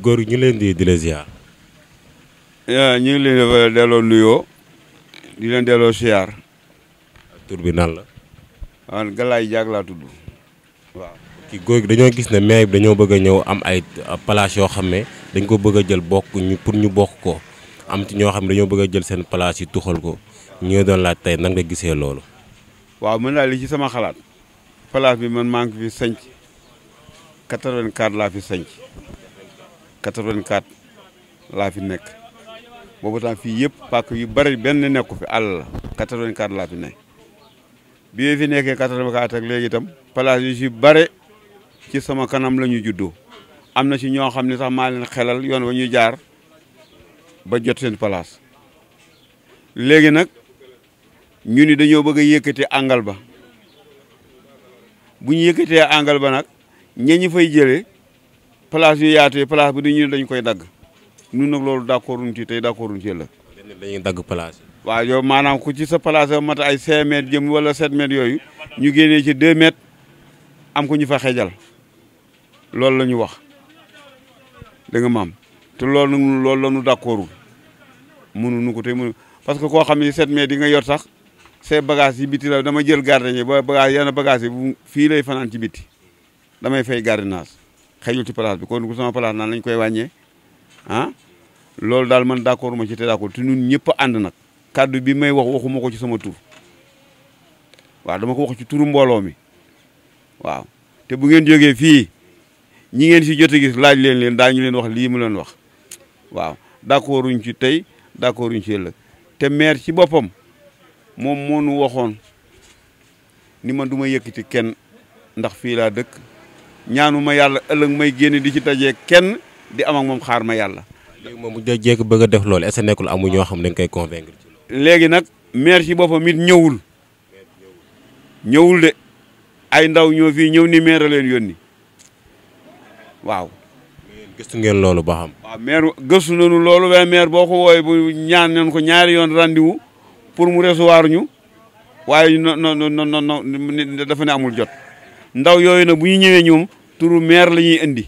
góor ñu leen di di la ñu ngi leen di delloo nuyoo di leen delloo ziar. tur bi nan la. waaw Galaye Diack laa tudd. waaw ki góor gi dañoo gis ne maire bi dañoo bëgg a ñëw am ay uh, place yoo xam ne dañ ko bëgg a jël bokk ñu pour ñu bokk ko am ci ñoo xam ne dañoo bëgg a jël seen place yi tuxal ko ñoo doon laaj tey nag nga gisee loolu. waaw mën naa li ci sama xalaat. place bi man maa ngi fi sënc 84 laa fi sënc 84 laa fi nekk boobu tam fii yëpp pàcc yu bari benn nekku fi àll la 84 laa fi nekk bi fi nekkee 84 ak léegi itam place yu si bare ci sama kanam la ñu juddoo am na si ñoo xam ne sax maa xelal yoon wa ñuy jaar ba jot seen place léegi nag ñu ni dañoo bëgg a yëkkatee àngal ba bu ñu yëkkatee àngal ba nag ña ñi fay jëlee place yu yaatu yi place bu di ñu dañ koy dagg ñun nag loolu d'accord ci tey d'accord ci la. dañuy dagg place yi. waaw yow maanaam ku ci sa place mat ay 5 mètres jëm wala 7 mètres yooyu ñu génnee ci 2 mètres am ku ñu fa xejal loolu la ñu wax da nga maam te loolu nag loolu la ñu d'accordul mënuñu ko tey mënu parce que koo xam ne 7 mètres yi nga yor sax say bagages yi biti la dama jël gardien ba bagage yenn bagages yi fii lay fanaan ci biti damay fay gardiennage. xëyul ci place bi kon ku sama place naan lañ koy wàññee ah loolu daal man d'accord ma ci te d'accord te ñun ñëpp ànd nag kàddu bi may wax waxuma ko ci sama tur waaw dama ko wax ci turu mbooloo mi waaw te bu ngeen jógee fii ñi ngeen fi jot gis laaj leen leen daañu leen wax lii mu leen wax waaw d'accord uñ ci tey d'accord uñ ci ëllëg te maire ci boppam moom moo nu waxoon ni man du ma yëkkati kenn ndax fii laa dëkk ñaanu ma yàlla ëllëg may génne di ci tajee kenn di am moom xaar ma yàlla. léegi moom da jékki bëgg a def loolu est nekkul amu ñoo xam ne dañ koy convaincre. léegi nag maire ci boppam it ñëwul. ñëwul de ay ndaw ñoo fii ñëw ni maire leen yónni waaw. gëstu ngeen loolu ba xam. waaw gëstu nañu loolu waaye maire boo ko wooyee bu ñaan nañ ko ñaari yoon rendez-vous pour mu recevoir ñu waaye no no no no dafa ne amul jot ndaw yooyu nag bu ñu ñëwee ñoom turu maire la ñuy indi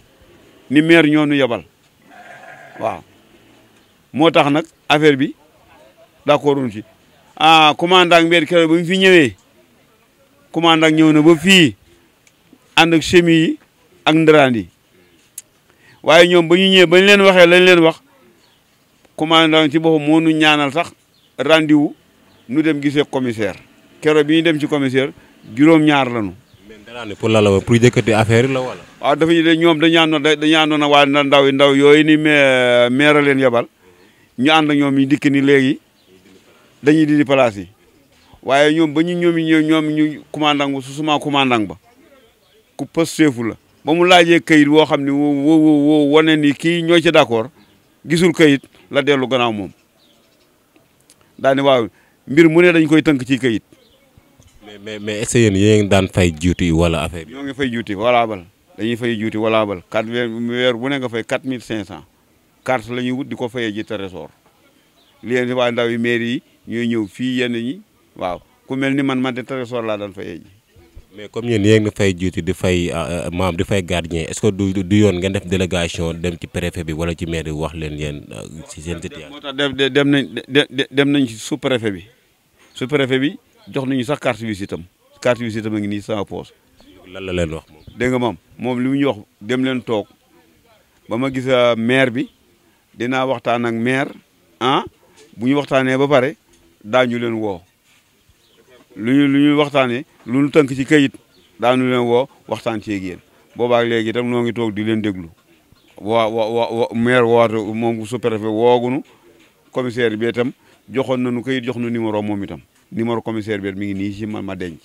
ni maire ñoo nu yebal waaw moo tax nag affaire bi d'accord wuñ ci ah commandant mbeer keroog ba mu fi ñëwee commandant ñëw na ba fii ànd ak chemis ak ndaraan yi waaye ñoom ba ñu ñëwee ba leen waxee lañ leen wax commandant ci boppam moo nu ñaanal sax rendez nu dem gisee commissaire keroog bi ñu dem ci commissaire juróom-ñaar lañu ni pour la la pour yëkkati affaire la wala. waaw ah, dafa ñu de ñoom dañu àndoon dañu ndaw yooyu ni maire maire leen yebal ñu ànd ñoom ñu dikk ni léegi dañuy dindi place yi waaye ñoom ba ñu ñoom ñoom ñu commandant su suma commandant ba ku poste la. ba mu laajee kayit woo xam ne woo woo wane ni kii ñooy ci d'accord gisul kayit la dellu gannaaw moom daani waaw mbir mu ne dañ koy tënk ci kayit. mais mais mais est-ce que yéen yéen daan fay juuti wala affaire yi. ñoo ngi fay juuti walaabal dañuy fay juuti walaabal quatre weer weer bu ne nga fay quatre mille cinq cent carte la ñuy wut di ko fayee ji trésor li leen waa ndaw yi mairie yi ñooy ñëw fii yenn ñi waaw ku mel ni man man de trésor laa daan fayee ji. mais comme yéen nga fay juuti di fay euh, euh, maam di fay gardien est-ce que du du yoon ngeen def délégation dem ci préfet bi wala ci maire wax leen yéen si euh, seen. situation dem nañ dem nañ ci sous bi sous bi. jox nañu sax carte visite am carte visite am a ngi nii sama poos. lan la leen wax moom. dégg nga moom moom li mu ñu wax dem leen toog ba ma gis euh, maire bi dinaa waxtaan ak maire ah bu ñu waxtaanee ba pare daañu leen woo lu ñu lu ñuy waxtaanee lu ñu tënk ci kayit daañu leen woo waxtaan ci boobaa yéen boobaak léegi itam noo ngi toog di leen déglu. waa wa wa maire woote moom sous-préfet woogunu commissaire bi itam joxoon nu kayit jox nu numéro moom itam. numéro commissaire bi mi ngi nii si man ma denc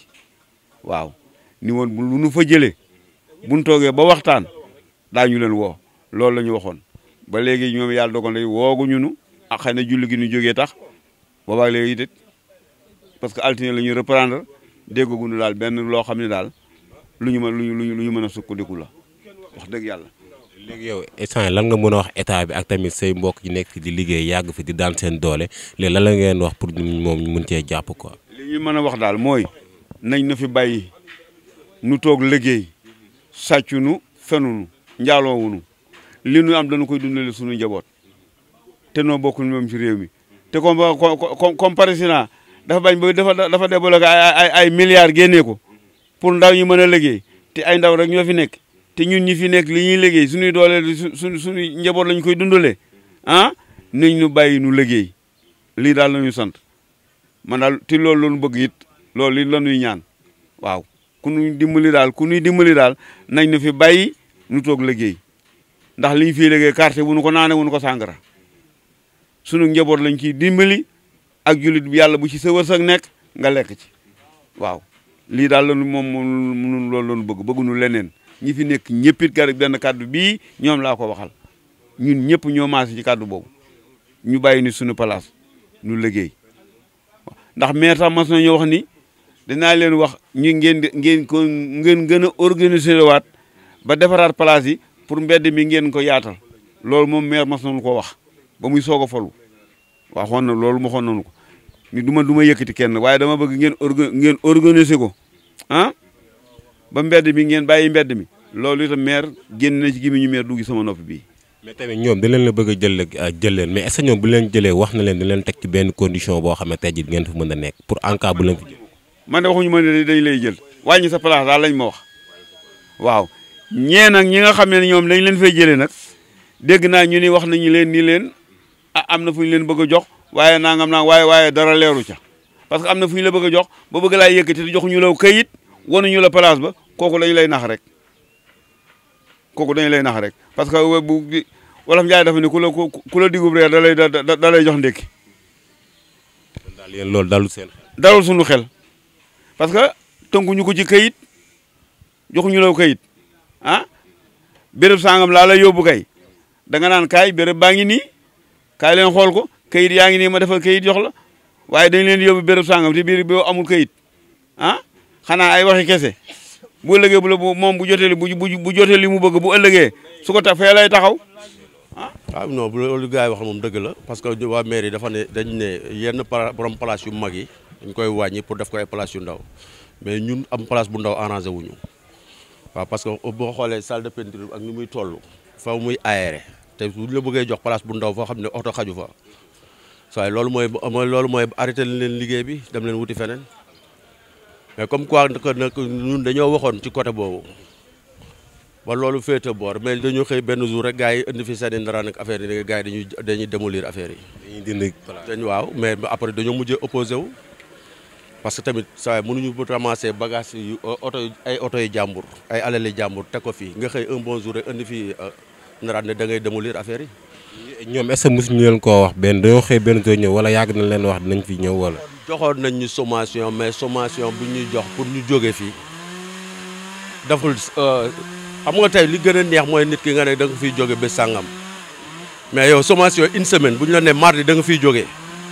waaw ni woon lu nu fa jëlee buñ toogee ba waxtaan daañu leen woo loolu la ñu waxoon ba léegi ñoom yàlla dogal na woogu ñunu ak ah, xëy na julli gi ñu jógee tax boobaag léegi it parce que altine la ñuy reprendre déggaguñu daal benn loo xam ne daal lu ñu mën lu ñu lu ñu mën a sukkandiku la wax dëgg yàlla léegi yow instant lan nga mën a wax état bi ak tamit say mbokk yi nekk fi di liggéey yàgg fi di daan seen doole léegi lan la ngeen wax pour moom mun mën cee jàpp ko li mën a wax daal mooy nañ na fi bàyyi nu toog liggéey sàccunu fenunu njaaloowunu li nu am dañu koy dundale suñu njaboot te noo bokkul moom ci réew mi te comme comme comme président dafa bañ ba dafa dafa débloqué ay ay ay génnee ko pour ndaw ñi mën a liggéey te ay ndaw rek ñoo fi nekk. te ñun ñi fi nekk li ñuy liggéey suñuy doole suñu suñuy njaboot lañ koy dundalee ah nañ ñu bàyyi nu liggéey lii daal la ñu sant man daal te loolu la ñu bëgg it loolu ñaan waaw ku dimbali daal ku dimbali daal nañ ñu fi bàyyi nu toog liggéey ndax li fiy liggéey carte wuñu ko naane wuñu ko sàngara sunu njaboot lañ ki dimbali ak jullit bi yàlla bu ci sa wërsëg nekk nga lekk ci waaw lii daal la moom moom loolu la ñu bëgg bëgguñu leneen. ñi fi nekk ñëppit garab benn kàddu bii ñoom laa ko waxal ñun ñëpp ñoo maas ci kàddu boobu ñu bàyyi nu suñu place nu liggéey ndax maire sax mas nañoo wax ni dinaa leen wax ñu ngeen ngeen ko ngeen gën a organiser waat ba defaraat place yi pour mbedd mi ngeen ko yaatal loolu moom maire mas nañu ko wax ba muy soog folu falu waxoon na loolu waxoon nañu ko ni du ma du ma yëkkati kenn waaye dama bëgg ngeen orga ngeen organiser ko ah ba mbedd mi ngeen bàyyi mbedd mi loolu itam maire génn na ci gémmiñu maire dugg sama nopp bi mais tamit ñoom da leen la bëgg jël jël leen mais est ce que ñoom bu leen jëlee wax na leen di leen teg ci benn condition boo xam ne tey jii ngeen fi mën a nekk pour en cas bu leen fi jël man de dañ lay jël wàññi sa place daal lañ ma wax waaw ñee nag ñi nga xam ne ñoom dañ leen fay jëlee nag dégg naa ñu ni wax nañu leen nii leen a ah, am na fu ñu leen bëgg jox waaye nangam naa waaye waaye dara leeru ca parce que am na fu ñu la bëgg a jox ba bëgg laa yëkkati joxuñu law kayit wanuñu la place ba kooku dañu lay nax rek kooku dañu lay nax rek parce que bu wolof Njaay dafa ne ku la ku la reer da lay jox ndékki. daal yéen loolu dalul seen xel. dalul suñu xel parce que tënkuñu ko ci kayit joxuñu la kayit ah béréb sangam laa la yóbbu kay danga naan kaay béréb baa ngi nii kaay leen xool ko kayit yaa ngi nii ma defal kayit jox la waaye dañ leen yóbbu béréb sangam te biir bi amul kayit ah? xanaa ay waxi kese bu ëllëgee bu la bu moom bu jotee li bu bu jotee li mu bëgg bu ëllëgee su ko ta fee lay taxaw ah. waaw non bu loolu gars yi wax moom dëgg la parce que waa maire yi dafa ne dañ ne yenn borom place yu mag yi dañ koy wàññi pour def ko ay place yu ndaw mais ñun am place bu ndaw arrangé wuñu waaw parce que boo xoolee salle de peinture ak ni muy tollu fa muy aéré te su la bëggee jox place bu ndaw foo xam ne oto xaju fa waaye loolu mooy loolu mooy arrêté leen liggéey bi dem leen wuti feneen. mais comme quoi nag ñun dañoo waxoon ci côté boobu ba loolu féete boor mais dañu xëy benn jour rek gars yi indi fi seen i ndara nag affaire yi gars yi dañuy dañuy démolir affaire yi. dañuy dindi waaw mais après dañoo mujjee opposé wu. parce que tamit saa mënuñu ramasser bagage yu oto ay oto yu jàmbur ay alali jàmbur teg ko fii nga xëy un bon jour rek indi fii euh, naraan ne da ngay démolir affaire yi. ñoom est-ce que mosuñu leen koo wax benn dañoo xëy benn doo ñëw wala yàgg na leen wax dinañ fi ñëw wala. joxoon nañ ñu sommation mais sommation bu ñuy jox pour ñu jóge fii dafu euh, xam nga tey li gën a neex mooy nit ki nga ne da nga fiy jóge ba sàngam mais yow sommation une semaine bu ñu la ne mardi da nga fiy jógee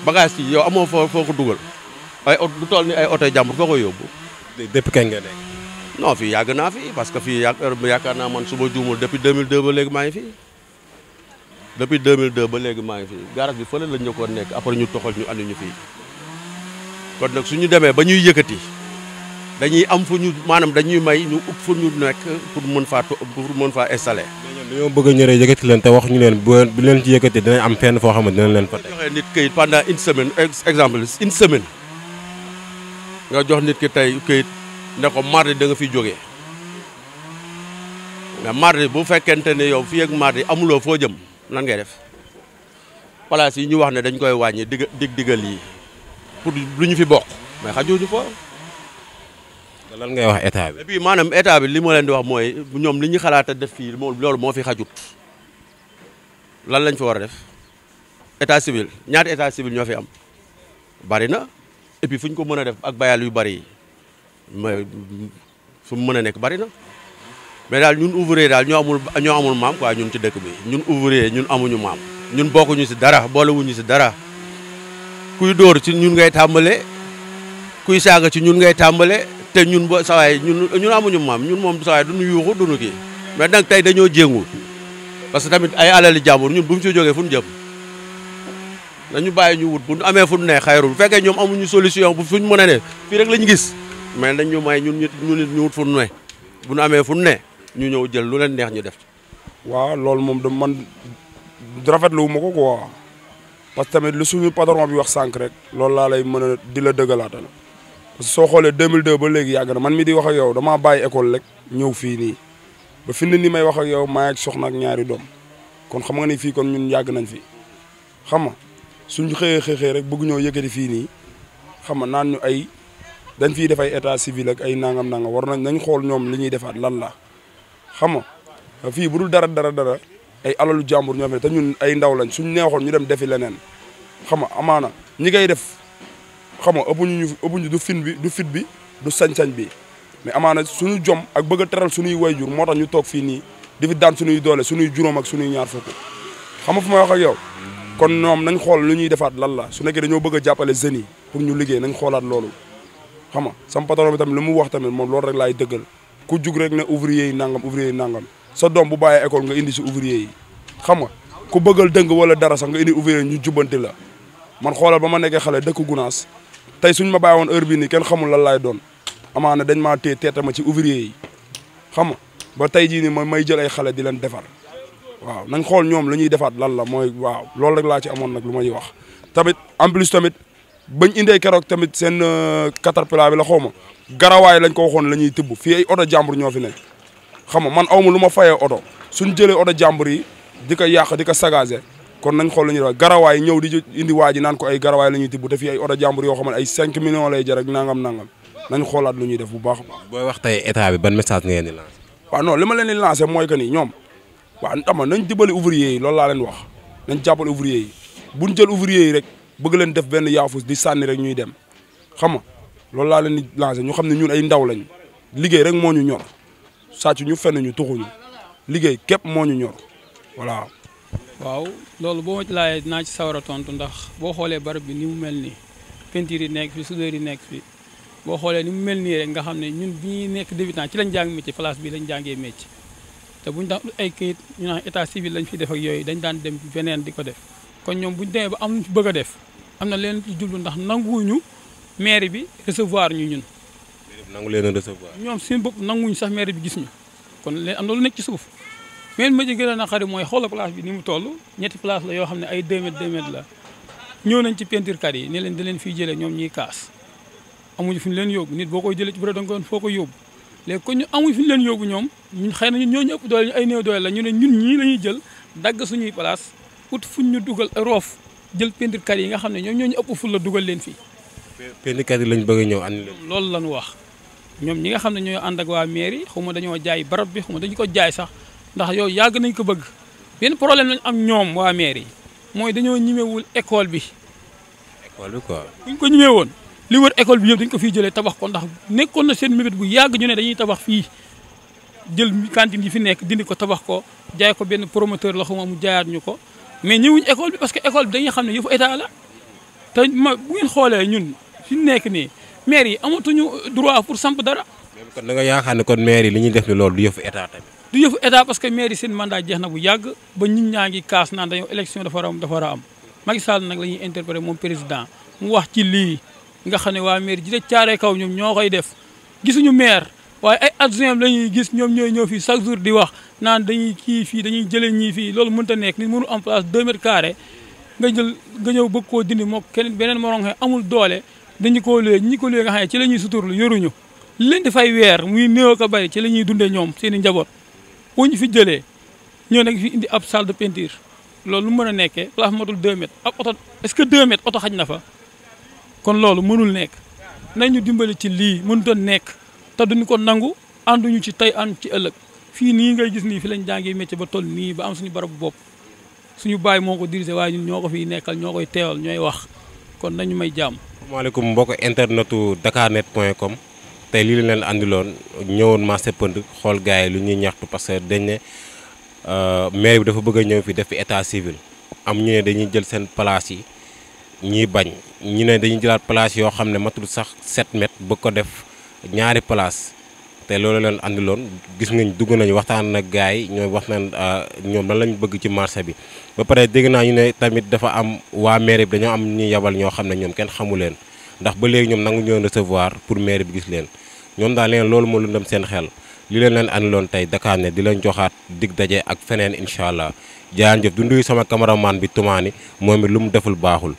bagage yi yow amoo foo foo dugal ay oto du toll ni ay oto jàmbur foo ko yóbbu. depuis kañ nga nekk. non fii yàgg naa fi parce que fii yaakaar naa man su ma juumul depuis 2002 ba léegi maa ngi fi depuis 2002 ba léegi maa ngi fi garage bi fële la ñu ko nekk après ñu toxal ñu andi ñu fi kon nag suñu demee ba ñuy yëkkati dañuy am fu ñu maanaam dañuy may ñu upp fu ñu nekk pour mën faa pour mën faa installé. dañoo bëgg a ñëree yëkkati leen te wax ñu leen bu leen ci yëkkati dinañ am fenn foo xam ne dinañ leen fa teg. joxee nit këyit exemple une semaine nga jox nit ki tey këyit ne ko mari danga nga fi jógee mais mardi bu fekkente ne yow fii ak mardi amuloo foo jëm lan ngay def place yi ñu wax ne dañ koy wàññi dig dig digal yi. pour lu ñu fi bokk mais xajuñu fa. lan ngay wax état bi. et puis maanaam état bi li ma leen di wax mooy ñoom li ñu xalaata a def fii loolu moo fi xajut lan lañ fa war a def état civil ñaata état civil ñoo fi am bari na et puis fu ñu ko mën a def ak bayal yu bari yi mais fu mën a nekk bari na mais daal ñun ouvrier daal ñoo amul ñoo amul maam quoi ñun ci dëkk bi ñun ouvrier ñun amuñu maam ñun bokkuñu si dara boolewuñu si dara. kuy dóor ci ñun ngay tàmbale kuy saaga ci ñun ngay tàmbale te ñun ba sawaay ñun ñun amuñu maam ñun moom sawaay duñu yuuxu duñu kii mais nag tey dañoo jéngu parce que tamit ay alali jàmbur ñun bu mu ci jogee fu ñu jëm nañu bàyyi ñu wut bu ñu amee fu ñu ne xayrul bu fekkee ñoom amuñu solution bu fuñ mën a ne fii rek lañu gis mais nañ ñu may ñun ñu ñu wut fu ñu ne bu ñu amee fu ñu ne ñu ñëw jël lu leen neex ñu def. waaw loolu moom da man rafetlu wu ma ko quoi. parce que tamit lu suñu patron bi wax sànq rek loolu laa lay mën a la dëggalaatal parce que soo xoolee 2002 ba léegi yàgg na man mi di wax ak yow damaa bàyyi école rek ñëw fii nii ba fi ni may wax ak yow maa ngi soxna ak ñaari doom kon xam nga ni fii kon ñun yàgg nañ fi xam nga suñu xëyee xëyee rek bëgg ñoo yëkkati fii nii xam nga naan ñu ay dañ fiy def ay état civil ak ay nangam-nangam war nañ nañ xool ñoom li ñuy defaat lan la xam nga fii bu dul dara dara dara. ay alalu jàmbur ñoo fi te ñun ay ndaw lañ suñ neexoon ñu dem defi leneen xam nga amaana ñi kay def xam nga ëppuñu ñu ëppuñu du fin bi du fit bi du sañ-sañ bi mais amaana suñu jom ak bëgg a teral suñuy wayjur moo tax ñu toog fii nii di fi daan suñuy doole suñuy juróom ak suñuy ñaar fukk xam nga fu may wax ak yow kon ñoom nañ xool lu ñuy defaat lan la su nekkee dañoo bëgg a jàppale jeunes yi pour ñu liggéey nañ xoolaat loolu xam nga sama patron bi tamit lu mu wax tamit moom loolu rek laay dëggal ku jug rek na ouvrier nangam ouvrier nangam sa doom bu bàyyee école nga indi si ouvrier yi xam nga ku bëggal dëng wala dara sax nga indi ouvrier ñu jubbanti la man xoolal ba ma nekkee xale dëkk gunaas tey suñ ma bàyyi woon heure bii nii kenn xamul lan laay doon ne dañ maa téye teeta ma ci ouvrier yi xam ba tey jii nii mooy may jël xale di leen defar waaw nañ xool ñoom lu ñuy defaat lan la mooy waaw loolu rek laa ci amoon nag lu may wax tamit en plus tamit bañ indee keroog tamit seen euh, caterpillar bi la xaw ma garawaay lañ ko waxoon la ñuy tibb fii ay oto ñoo fi ne xam nga man awma lu ma fayee oto suñ jëlee oto jàmbur yi di ko yàq di ko sagage kon nañ xool lu ñuy def garawaay ñëw di indi waa ji naan ko ay garawaay lañuy ñuy tibb te fii ay oto jàmbur yoo xam ne ay 5 millions lay jar ak nangam nangam nañ lu ñuy def bu baax a booy wax tey état bi ban message ngeen di lancé. waaw li ma leen di mooy que ni ñoom waaw xam nañ dimbali ouvrier yi loolu laa leen wax nañ jàppale ouvrier yi buñ jël ouvrier yi rek bëgg leen def benn yaafus di sànni rek ñuy dem xam nga loolu laa leen di lancé ñu xam ne ñun ay ndaw lañ liggéey rek moo ñu ñor sàcc ñu fenn ñu tuxuñu liggéey képp moo ñu ñor voilà. waaw loolu boo laayee laajee dinaa ci sawar a tontu ndax boo xoolee barab bi ni mu mel nii peinture yi nekk fi soudeur yi nekk fi boo xoolee ni mu mel nii rek nga xam ne ñun bi nekk débutant ci lañ jàng métier place bi lañ jàngee métier te bu ñu daan ay kayit ñu naan état civil lañ fi def ak yooyu dañ daan dem feneen di ko def kon ñoom bu ñu demee ba am lu ci bëgg a def am na leen jublu ndax nanguwuñu mairie bi recevoir ñu ñun. nangu leen ñoom seen bopp nanguñ sax maire bi gis ñu kon leen am na lu nekk ci suuf mais ma ci gën a naqari mooy xoola place bi ni mu toll ñetti place la yoo xam ne ay 2 mètres la ñëw nañ ci peinture kat yi ne leen da leen fiy jëlee ñoom ñuy kaas amuñu fi leen yóbbu nit boo koy jëlee ci bureau danga foo koy yóbbu léegi kon ñu amuñu fi ñu leen yóbbu ñoom ñun xëy na ñun ñooñu ëpp doole ñu ay néew doole la ñu ne ñun ñii la ñuy jël dagg suñuy place ut fuñ ñu dugal roof jël peinture kat yi nga xam ne ñoom ñooñu ëpp fu la dugal leen fii peinture kar yi lañ bëgg ñëw andi leen loolu lañu wax ñoom ñi nga xam ne ñooy ànd ak waa mairie xaw ma dañoo jaay barab bi xaw ma dañu ko jaay sax ndax yow yàgg nañ ko bëgg benn problème lañu am ñoom waa mairie mooy dañoo ñimewul école bi. école bi quoi. ko ñimee woon li wër école bi yëpp dañ ko fiy jëlee tabax ko ndax nekkoon na seen mébét bu yàgg ñu ne dañuy tabax fii jël cantine yi fi nekk dindi ko tabax ko jaay ko benn promoteur la xaw ma mu jaayaat ñu ko mais ñëwuñ école bi parce que école bi dañuy xam ne yëfu état la te ma bu ngeen xoolee ñun fi nekk nii. maire yi amatuñu droit pour samp dara. kon da ne kon maire yi li ñuy def ni loolu du yëfu état tamit. du yëfu état parce que maire yi seen mandat jeex na bu yàgg ba ñun ñaa ngi kaas naan dañoo élection dafa war a dafa war a am Macky Sall nag la ñuy interpréter moom président mu wax ci lii nga xam ne waa maire ji de caaree kaw ñoom ñoo koy def gisuñu maire waaye ay adjoint la ñuy gis ñoom ñooy ñëw fii chaque jour di wax naan dañuy kii fii dañuy jëlee ñii fii loolu mënut a nekk nit mënu am place 2 mètres carrés nga jël nga ñëw bëgg koo dindi mook beneen morom amul doole dañu ko luye ñi ko luye nga xam ne ci la ñuy suturlu yoruñu leen di fay weer muy néew ko bari ci la ñuy dundee ñoom seeni njaboot bu ñu fi jëlee ñoo nag fi indi ab salle de peinture loolu lu mën a nekkee place matul 2 ab oto est-ce que 2 oto xaj na fa kon loolu mënul nekk nañu dimbali ci lii mënut a nekk te duñu ko nangu ànduñu ci tey ànd ci ëllëg fii nii ngay gis nii fi lañ jàngee métier ba toll nii ba am suñu barabu bopp suñu baay moo ko dirigé waaye ñun ñoo ko fiy nekkal ñoo koy teewal ñooy wax kon nañu may jàmm. asalaamaaleykum mbokk internetu dakarnet point com tey lii la leen andiloon ñëwoon marché pënd xool gars lu ñuy ñaxtu parce que dañ ne euh, maire bi dafa bëgg a ñëw fii def fi état civil am ñu ne dañuy jël seen place yi ñuy bañ ñu ne dañuy jëlaat place yoo xam ne matul sax 7 mètres bëgg ko def ñaari place te loolu leen andiloon gis ngañ dugg nañu waxtaan ak gars yi ñoom wax nañ ah, ñoom lan lañu bëgg ci marché bi ba pare dégg naa ñu ne tamit dafa am waa mairie bi dañoo am ñu yabal ñoo xam ne ñoom kenn xamu leen ndax ba léegi ñoom nangu ñoon recevoir pour mairie bi gis leen ñoom daal leen loolu moo lëndëm seen xel li leen leen andiloon tey Dakar ne di leen joxaat dig daje ak feneen incha allah jaajëf du nduy sama cameraman bi tumaani moom it lu mu deful baaxul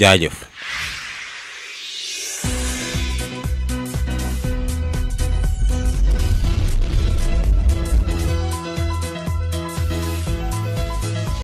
jaajëf